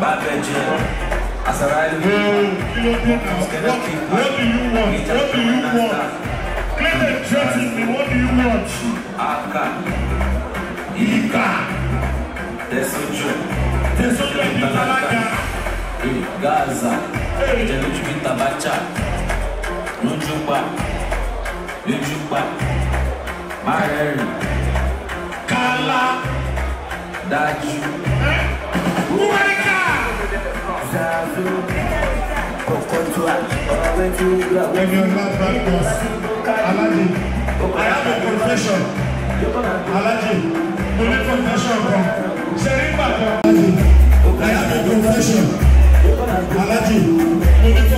bad bedroom. As I ride you, scared What do you want? What do you want? Clean and threaten me. What do you want? Aka. Ika. Tesojo. Tesojo Italaka. Gaza. Jeluju Itabacha. Nujuba. Nujuba. Mareri. Kala. Daju. Eh? when you're not I have a confession. Alaji, only confession from Sherry Alaji, I have a confession. Alaji, only confession.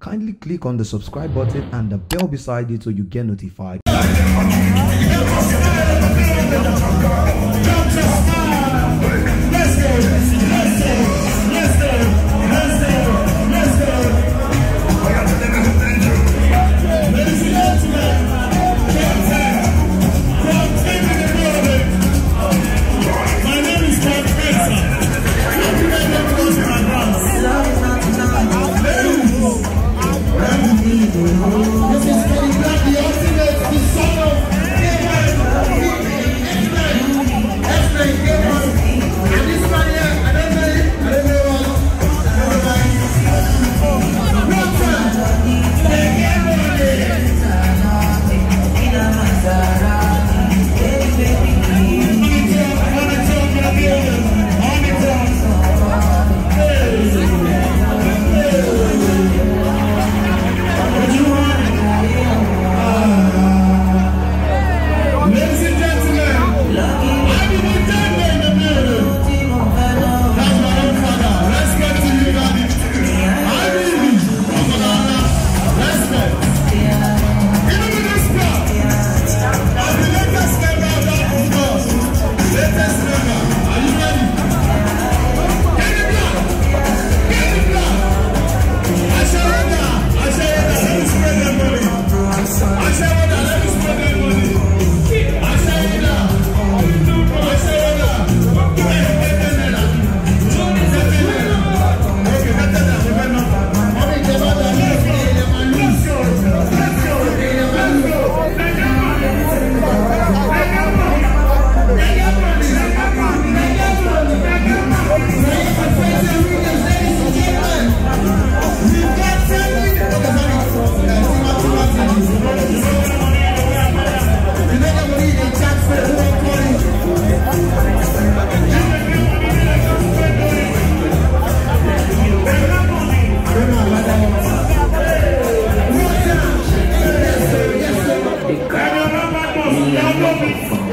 kindly click on the subscribe button and the bell beside it so you get notified.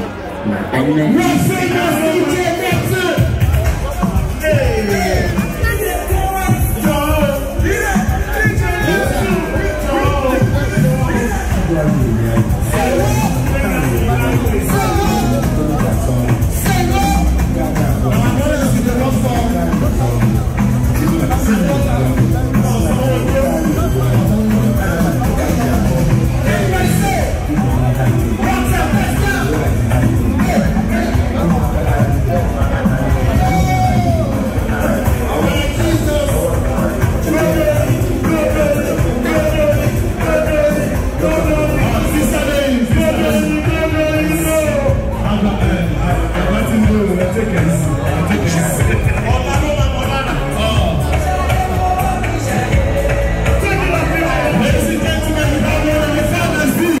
My kindness.